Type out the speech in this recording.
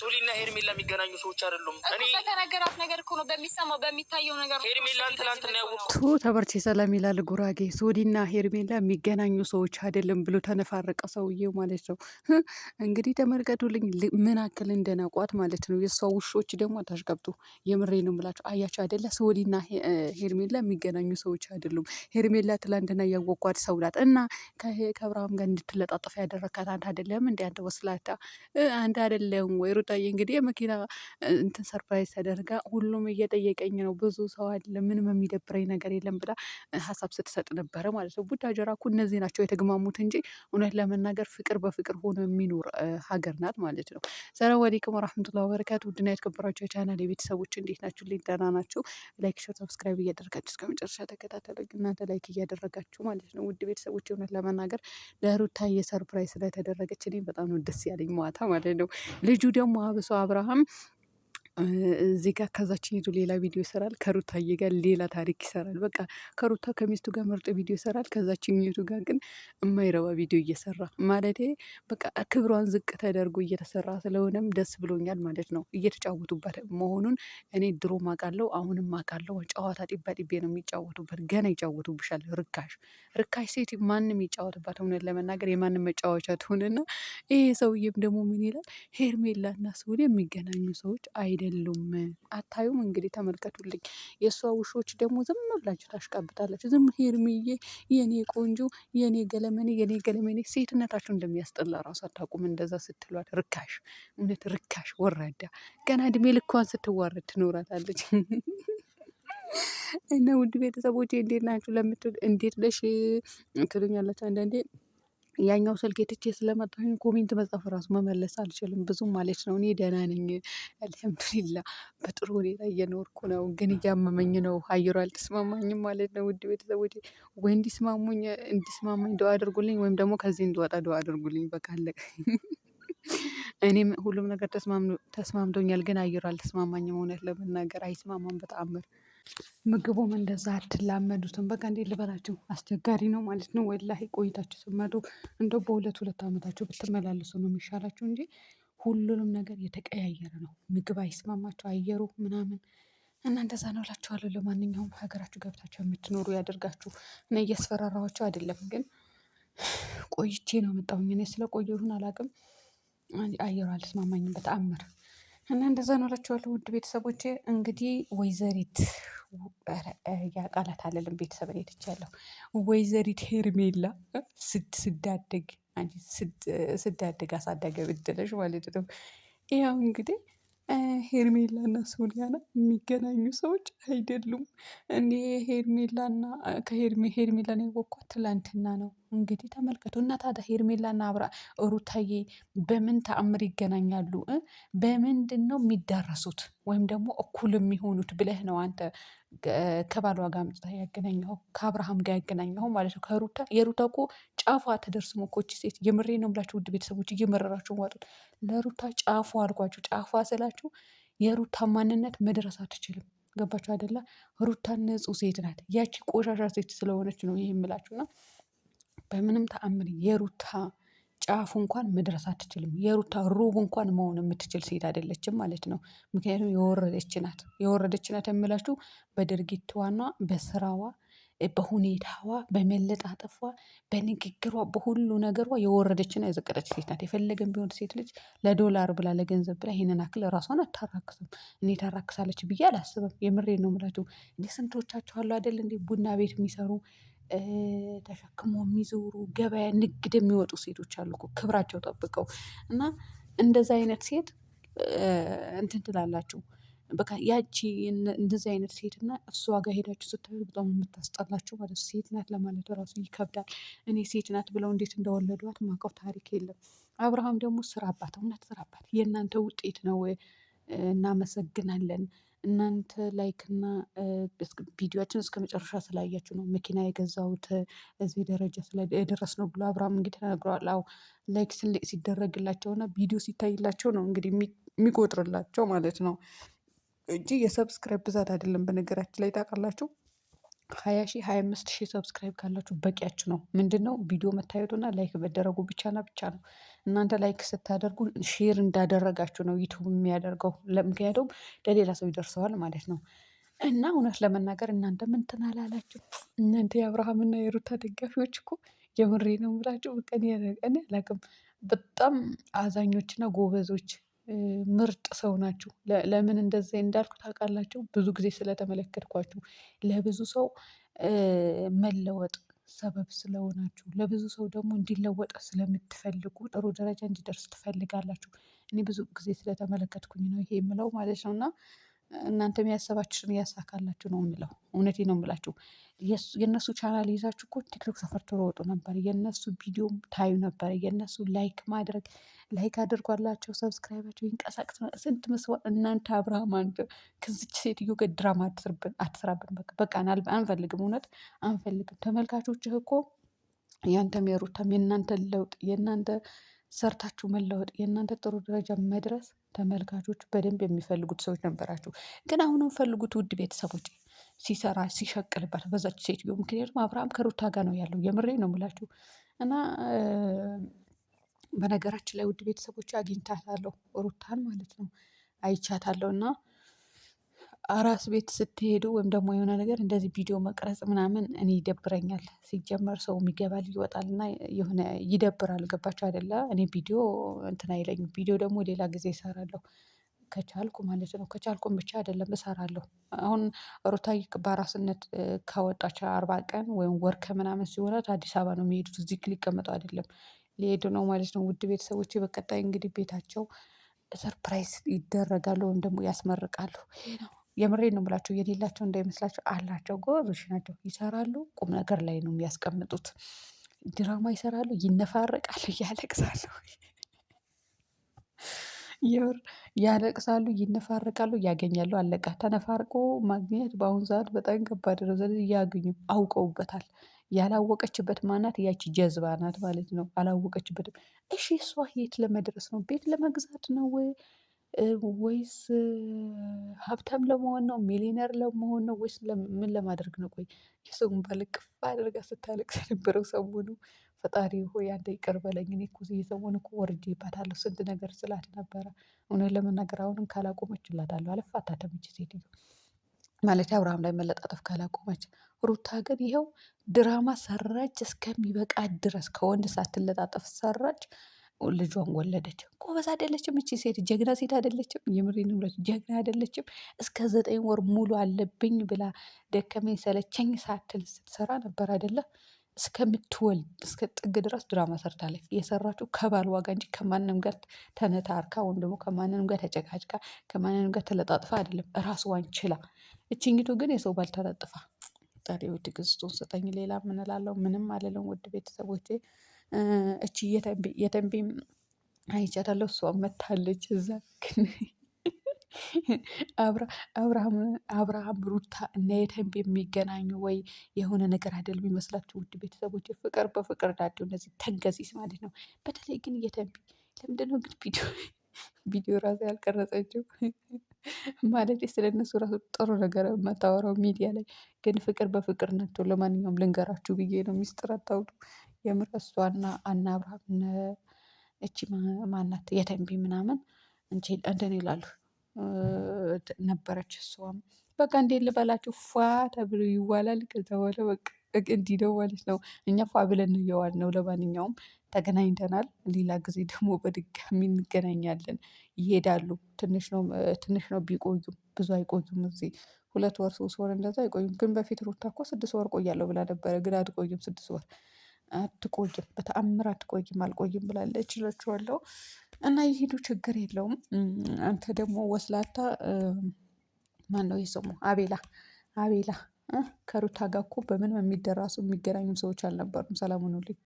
ሶሊና ሄርሜላ የሚገናኙ ሰዎች አይደሉም። እኔ በተነገራት ነገር እኮ ነው በሚሰማው በሚታየው ነገር ሄርሜላን ትናንትና ቱ ተበርቼ ሰላም ይላል ጉራጌ። ሶሊና ሄርሜላ የሚገናኙ ሰዎች አይደለም ብሎ ተነፋረቀ ሰውዬው ማለት ነው። እንግዲህ ተመልከቱልኝ ምን አክል እንደናቋት ማለት ነው። የእሷ ውሾች ደግሞ አታሽቀብጡ። የምሬ ነው ምላቸው። አያቸው አይደለ? ሶሊና ሄርሜላ የሚገናኙ ሰዎች አይደሉም። ሄርሜላ ትላንትና ያወቋት ሰው ናት እና ከብርሃም ጋር እንድትለጣጠፍ ያደረካት አንተ አይደለም እንዲ አንተ ወስላታ አንተ አይደለም የለም ወይ? ሩታዬ እንግዲህ የመኪና እንትን ሰርፕራይዝ ተደርጋ ሁሉም እየጠየቀኝ ነው ብዙ ሰው አለ ምንም የሚደብረኝ ነገር የለም ብላ ሀሳብ ስትሰጥ ነበረ ማለት ነው። ቡታጀራ እኮ እነዚህ ናቸው የተግማሙት እንጂ እውነት ለመናገር ፍቅር በፍቅር ሆኖ የሚኖር ሀገር ናት ማለት ነው። ሰላም አለይኩም ወራህመቱላሂ ወበረካቱ ውድና የተከበራችሁ የቻናል የቤተሰቦች እንዴት ናችሁ? ልኝ ደህና ናችሁ? ላይክ ሸር ሰብስክራይብ እያደረጋችሁ እስከ መጨረሻ ተከታተሉኝ። እናንተ ላይክ እያደረጋችሁ ማለት ነው። ውድ ቤተሰቦች እውነት ለመናገር ለሩታ የሰርፕራይዝ ስለተደረገች እኔ በጣም ነው ደስ ያለኝ ማታ ማለት ነው። ልጁ ደግሞ አብሶ አብርሃም እዚህ ጋር ከዛችን ሄዶ ሌላ ቪዲዮ ይሰራል። ከሩታዬ ጋር ሌላ ታሪክ ይሰራል። በቃ ከሩታ ከሚስቱ ጋር ምርጥ ቪዲዮ ይሰራል። ከዛችን ሄዱ ጋር ግን የማይረባ ቪዲዮ እየሰራ ማለቴ በቃ ክብሯን ዝቅ ተደርጎ እየተሰራ ስለሆነም ደስ ብሎኛል ማለት ነው። እየተጫወቱበት መሆኑን እኔ ድሮ ማቃለው፣ አሁንም ማቃለው። ጨዋታ ጢባ ጢቤ ነው የሚጫወቱበት። ገና ይጫወቱብሻል። ርካሽ ርካሽ ሴት ማንም ይጫወትባት። እውነት ለመናገር የማንም መጫወቻ ትሆንና ይሄ ሰውዬም ደግሞ ምን ይላል ሄርሜላና ሰውን የሚገናኙ ሰዎች አይደ አይደሉም። አታዩም እንግዲህ ተመልከቱልኝ። የእሷ ውሾች ደግሞ ዝም ብላችሁ ታሽቃብጣላችሁ። ዝም ሄርሚዬ የኔ ቆንጆ የኔ ገለመኔ የኔ ገለመኔ ሴትነታችሁ እንደሚያስጠላ ራሱ አታውቁም። እንደዛ ስትሏል። ርካሽ፣ እውነት ርካሽ፣ ወራዳ ገና እድሜ ልኳን ስትዋረድ ትኖራታለች። እና ውድ ቤተሰቦቼ እንዴት ናችሁ? ለምትል እንዴት ነሽ ትሉኛላችሁ አንዳንዴ ያኛው ስልኬ ትቼ ስለመጣሁኝ ኮሜንት መጻፍ ራሱ መመለስ አልችልም ብዙ ማለት ነው። እኔ ደህና ነኝ አልሐምዱሊላ በጥሩ ሁኔታ እየኖርኩ ነው ግን እያመመኝ ነው አየሩ አልተስማማኝም ማለት ነው። ውድ ቤተሰቦቼ ወይ እንዲስማሙኝ እንዲስማማኝ ዱአ አድርጉልኝ ወይም ደግሞ ከዚህ እንድወጣ ዱአ አድርጉልኝ በቃ አለቀ። እኔም ሁሉም ነገር ተስማምቶኛል ግን አየሩ አልተስማማኝም እውነት ለመናገር አይስማማም በተአምር ምግቡም እንደዛ አትላመዱትም። በቃ እንዴት ልበላችሁ አስቸጋሪ ነው ማለት ነው። ወላሂ ቆይታችሁ ስትመጡ እንደው በሁለት ሁለት አመታቸው ብትመላለሱ ነው የሚሻላችሁ እንጂ ሁሉንም ነገር የተቀያየረ ነው። ምግብ አይስማማችሁ፣ አየሩ ምናምን እና እንደዛ ነው እላችኋለሁ። ለማንኛውም ሀገራችሁ ገብታችሁ የምትኖሩ ያደርጋችሁ እና እያስፈራራኋቸው አይደለም ግን ቆይቼ ነው የመጣሁኝ እኔ ስለቆየሁኝ አየሩ አልስማማኝም በተአምር እና እንደዛ ነው ውድ ቤተሰቦች እንግዲህ ወይዘሪት ያቃላት አለልም ቤተሰብ ሄደች ያለው ወይዘሪት ሄርሜላ ስዳደግ ስዳደግ አሳዳጊ ብትለሽ ማለት ነው ያው እንግዲህ ሄርሜላና ሶሊያና የሚገናኙ ሰዎች አይደሉም። እኔ ሄርሜላና ሄርሜላን ያወቅኳት ትላንትና ነው። እንግዲህ ተመልከቱ እና ታዲያ ሄርሜላና አብራ ሩታዬ በምን ተአምር ይገናኛሉ? በምንድን ነው የሚዳረሱት ወይም ደግሞ እኩል የሚሆኑት ብለህ ነው አንተ ከባሏ ጋር አምጥታ ያገናኘኸው ከአብርሃም ጋር ያገናኘው ማለት ነው። ከሩታ የሩታ እኮ ጫፏ አትደርስም እኮ ሴት። የምሬ ነው የምላችሁ ውድ ቤተሰቦች፣ እየመረራችሁ ዋጡት። ለሩታ ጫፏ አልኳችሁ። ጫፏ ስላችሁ የሩታ ማንነት መድረስ አትችልም። ገባችሁ አይደለ? ሩታ ንጹህ ሴት ናት። ያቺ ቆሻሻ ሴት ስለሆነች ነው ይህ የምላችሁና በምንም ተአምር የሩታ ጫፉ እንኳን መድረስ አትችልም። የሩታ ሩብ እንኳን መሆን የምትችል ሴት አይደለችም ማለት ነው። ምክንያቱም የወረደች ናት። የወረደች ናት የምላችሁ በድርጊትዋና በስራዋ በሁኔታዋ በመለጣጠፏ በንግግሯ በሁሉ ነገሯ የወረደችና የዘቀጠች ሴት ናት። የፈለገን ቢሆን ሴት ልጅ ለዶላር ብላ ለገንዘብ ብላ ይሄንን አክል ራሷን አታራክስም። እኔ ታራክሳለች ብዬ አላስብም። የምሬ ነው የምላችሁ። እንዴ ስንቶቻቸው አሉ አይደል እንዴ ቡና ቤት የሚሰሩ ተሸክሞ የሚዞሩ ገበያ ንግድ የሚወጡ ሴቶች አሉ እኮ ክብራቸው ጠብቀው እና እንደዛ አይነት ሴት እንትን ትላላችሁ በቃ ያቺ እንደዚህ አይነት ሴት እና እሷ ጋር ሄዳችሁ ስታዩ በጣም የምታስጠላችሁ ማለት ሴት ናት ለማለት ራሱ ይከብዳል። እኔ ሴት ናት ብለው እንዴት እንደወለዷት ማቀው ታሪክ የለም። አብርሃም ደግሞ ስራ አባት፣ እውነት ስራ አባት፣ የእናንተ ውጤት ነው። እናመሰግናለን። እናንተ ላይክና ቪዲዮችን እስከ መጨረሻ ስላያችሁ ነው መኪና የገዛሁት እዚህ ደረጃ ስለደረስ ነው ብሎ አብርሃም እንግዲህ ተናግረዋል። አዎ ላይክ ሲደረግላቸውና ቪዲዮ ሲታይላቸው ነው እንግዲህ የሚቆጥርላቸው ማለት ነው። እንጂ የሰብስክራይብ ብዛት አይደለም። በነገራችን ላይ ታውቃላችሁ ሀያ ሺህ ሀያ አምስት ሺህ ሰብስክራይብ ካላችሁ በቂያችሁ ነው። ምንድን ነው ቪዲዮ መታየቱና ላይክ መደረጉ ብቻና ብቻ ነው። እናንተ ላይክ ስታደርጉ ሼር እንዳደረጋችሁ ነው ዩቱብ የሚያደርገው። ምክንያቱም ለሌላ ሰው ይደርሰዋል ማለት ነው። እና እውነት ለመናገር እናንተ ምን ትናላላችሁ? እናንተ የአብርሃምና የሩታ ደጋፊዎች እኮ የምሬ ነው የምላችሁ። በቃ እኔ አላቅም። በጣም አዛኞችና ጎበዞች ምርጥ ሰው ናችሁ። ለምን እንደዚህ እንዳልኩ ታውቃላችሁ? ብዙ ጊዜ ስለተመለከትኳችሁ ለብዙ ሰው መለወጥ ሰበብ ስለሆናችሁ ለብዙ ሰው ደግሞ እንዲለወጥ ስለምትፈልጉ ጥሩ ደረጃ እንዲደርስ ትፈልጋላችሁ። እኔ ብዙ ጊዜ ስለተመለከትኩኝ ነው ይሄ የምለው ማለት ነው። እና እናንተም ያሰባችሁን እያሳካላችሁ ነው የምለው። እውነቴ ነው የምላችሁ። የእነሱ ቻናል ይዛችሁ እኮ ቲክቶክ ተፈርቶ ወጡ ነበር። የእነሱ ቪዲዮም ታዩ ነበር። የእነሱ ላይክ ማድረግ ላይክ አድርጓላቸው፣ ሰብስክራይባቸው ይንቀሳቀስ። ስንት መስዋዕት እናንተ አብርሃም፣ አንተ ከዚች ሴትዮ ጋር ድራማ አትስራብን። በቃ በቃ አንፈልግም፣ እውነት አንፈልግም። ተመልካቾችህ እኮ ያንተም የሩታም የእናንተ ለውጥ የእናንተ ሰርታችሁ መለወጥ የእናንተ ጥሩ ደረጃ መድረስ ተመልካቾች በደንብ የሚፈልጉት ሰዎች ነበራችሁ። ግን አሁንም ፈልጉት ውድ ቤተሰቦች ሲሰራ ሲሸቅልባት በዛች ሴትዮ ምክንያቱም አብርሃም ከሩታ ጋር ነው ያለው። የምሬ ነው ምላችሁ እና በነገራችን ላይ ውድ ቤተሰቦች አግኝታታለሁ ሩታን ማለት ነው አይቻታለሁ እና አራስ ቤት ስትሄዱ ወይም ደግሞ የሆነ ነገር እንደዚህ ቪዲዮ መቅረጽ ምናምን እኔ ይደብረኛል። ሲጀመር ሰው ይገባል ይወጣል እና የሆነ ይደብራል ገባችሁ አይደለ? እኔ ቪዲዮ እንትን አይለኝም ቪዲዮ ደግሞ ሌላ ጊዜ ይሰራለሁ ከቻልኩ ማለት ነው ከቻልኩም ብቻ አይደለም እሰራለሁ። አሁን ሩታዬ በአራስነት ከወጣች አርባ ቀን ወይም ወር ከምናምን ሲሆናት አዲስ አበባ ነው የሚሄዱት እዚህ ሊቀመጡ አይደለም። ሊሄዱ ነው ማለት ነው። ውድ ቤተሰቦች በቀጣይ እንግዲህ ቤታቸው ሰርፕራይዝ ይደረጋሉ ወይም ደግሞ ያስመርቃሉ። ይሄ ነው የምሬን ነው ብላቸው የሌላቸው እንዳይመስላቸው አላቸው። ጎበዞች ናቸው ይሰራሉ ቁም ነገር ላይ ነው የሚያስቀምጡት። ድራማ ይሰራሉ ይነፋረቃሉ እያለቅሳሉ የምር ያለቅሳሉ ይነፋረቃሉ ያገኛሉ አለቃ ተነፋርቆ ማግኘት በአሁኑ ሰዓት በጣም ከባድ ነው። ስለዚህ እያገኙ አውቀውበታል ያላወቀችበት ማናት ያቺ ጀዝባ ናት ማለት ነው። አላወቀችበትም። እሺ እሷ የት ለመድረስ ነው? ቤት ለመግዛት ነው ወይ ወይስ ሀብታም ለመሆን ነው? ሚሊነር ለመሆን ነው? ወይስ ምን ለማድረግ ነው? ቆይ የሰው እንባ ልቅፍ አድርጋ ስታለቅስ የነበረው ሰሞኑ ፈጣሪ ሆይ አንተ ይቅር በለኝ። እኔ እኮ የሰሞኑ እኮ ወርጄባታለሁ ስንት ነገር ስላት ነበረ። እውነት ለመናገር አሁንም ካላቆመች እላታለሁ አልፋታትም እች ሴትዮ ማለት አብርሃም ላይ መለጣጠፍ ካላቆመች። ሩታ ግን ይኸው ድራማ ሰራች እስከሚበቃት ድረስ ከወንድ ሳትለጣጠፍ ሰራች። ልጇን ወለደች። ጎበዝ አይደለችም እቺ ሴት፣ ጀግና ሴት አይደለችም። የምሬን ንብረት ጀግና አይደለችም። እስከ ዘጠኝ ወር ሙሉ አለብኝ ብላ ደከመኝ ሰለቸኝ ሳትል ስትሰራ ነበር አይደለ? እስከምትወልድ እስከ ጥግ ድረስ ድራማ ሰርታለች። የሰራችው ከባል ዋጋ እንጂ ከማንም ጋር ተነታርካ ወይም ደግሞ ከማንም ጋር ተጨቃጭቃ ከማንም ጋር ተለጣጥፋ አይደለም፣ ራስዋን ችላ። እችኝቱ ግን የሰው ባል ተለጥፋ። ፈጣሪ ትዕግስቱን ስጠኝ። ሌላ ምንላለው? ምንም አልልም። ውድ ቤተሰቦቼ እቺ የተንቤም አይቻታለሁ እሷ መታለች እዛ ግን አብርሃም አብርሃም ሩታ እና የተንቤ የሚገናኙ ወይ የሆነ ነገር አይደል ይመስላችሁ? ውድ ቤተሰቦች ፍቅር በፍቅር ዳደው እነዚህ ተንገዚስ ማለት ነው። በተለይ ግን የተንቤ ለምንድነው ግን ቪዲዮ ቪዲዮ ራሱ ያልቀረጸችው ማለት ስለ እነሱ ራሱ ጥሩ ነገር የማታወራው ሚዲያ ላይ ግን ፍቅር በፍቅር ናቸው። ለማንኛውም ልንገራችሁ ብዬ ነው። ሚስጥር አታውጡ። የምር እሷና አና አብርሃም እቺ ማናት የተንቢ ምናምን እንትን ይላሉ ነበረች። እሷም በቃ እንዴ ልበላችሁ ፏ ተብሎ ይዋላል። ከዛ በኋላ በቃ እንዲህ ነው ማለት ነው። እኛ ፏ ብለን እየዋል ነው። ለማንኛውም ተገናኝተናል። ሌላ ጊዜ ደግሞ በድጋሚ እንገናኛለን። ይሄዳሉ። ትንሽ ነው ትንሽ ነው ቢቆዩም ብዙ አይቆዩም። እዚህ ሁለት ወር ሶስት ወር እንደዛ አይቆዩም። ግን በፊት ሩታ እኮ ስድስት ወር ቆያለሁ ብላ ነበረ። ግን አትቆዩም ስድስት ወር አትቆይም፣ በተአምር አትቆይም፣ አልቆይም ብላለች እላችኋለሁ። እና የሄዱ ችግር የለውም። አንተ ደግሞ ወስላታ ማን ነው የስሙ? አቤላ አቤላ ከሩታ ጋር እኮ በምንም የሚደራሱ የሚገናኙም ሰዎች አልነበሩም። ሰላሙን ሁኑልኝ።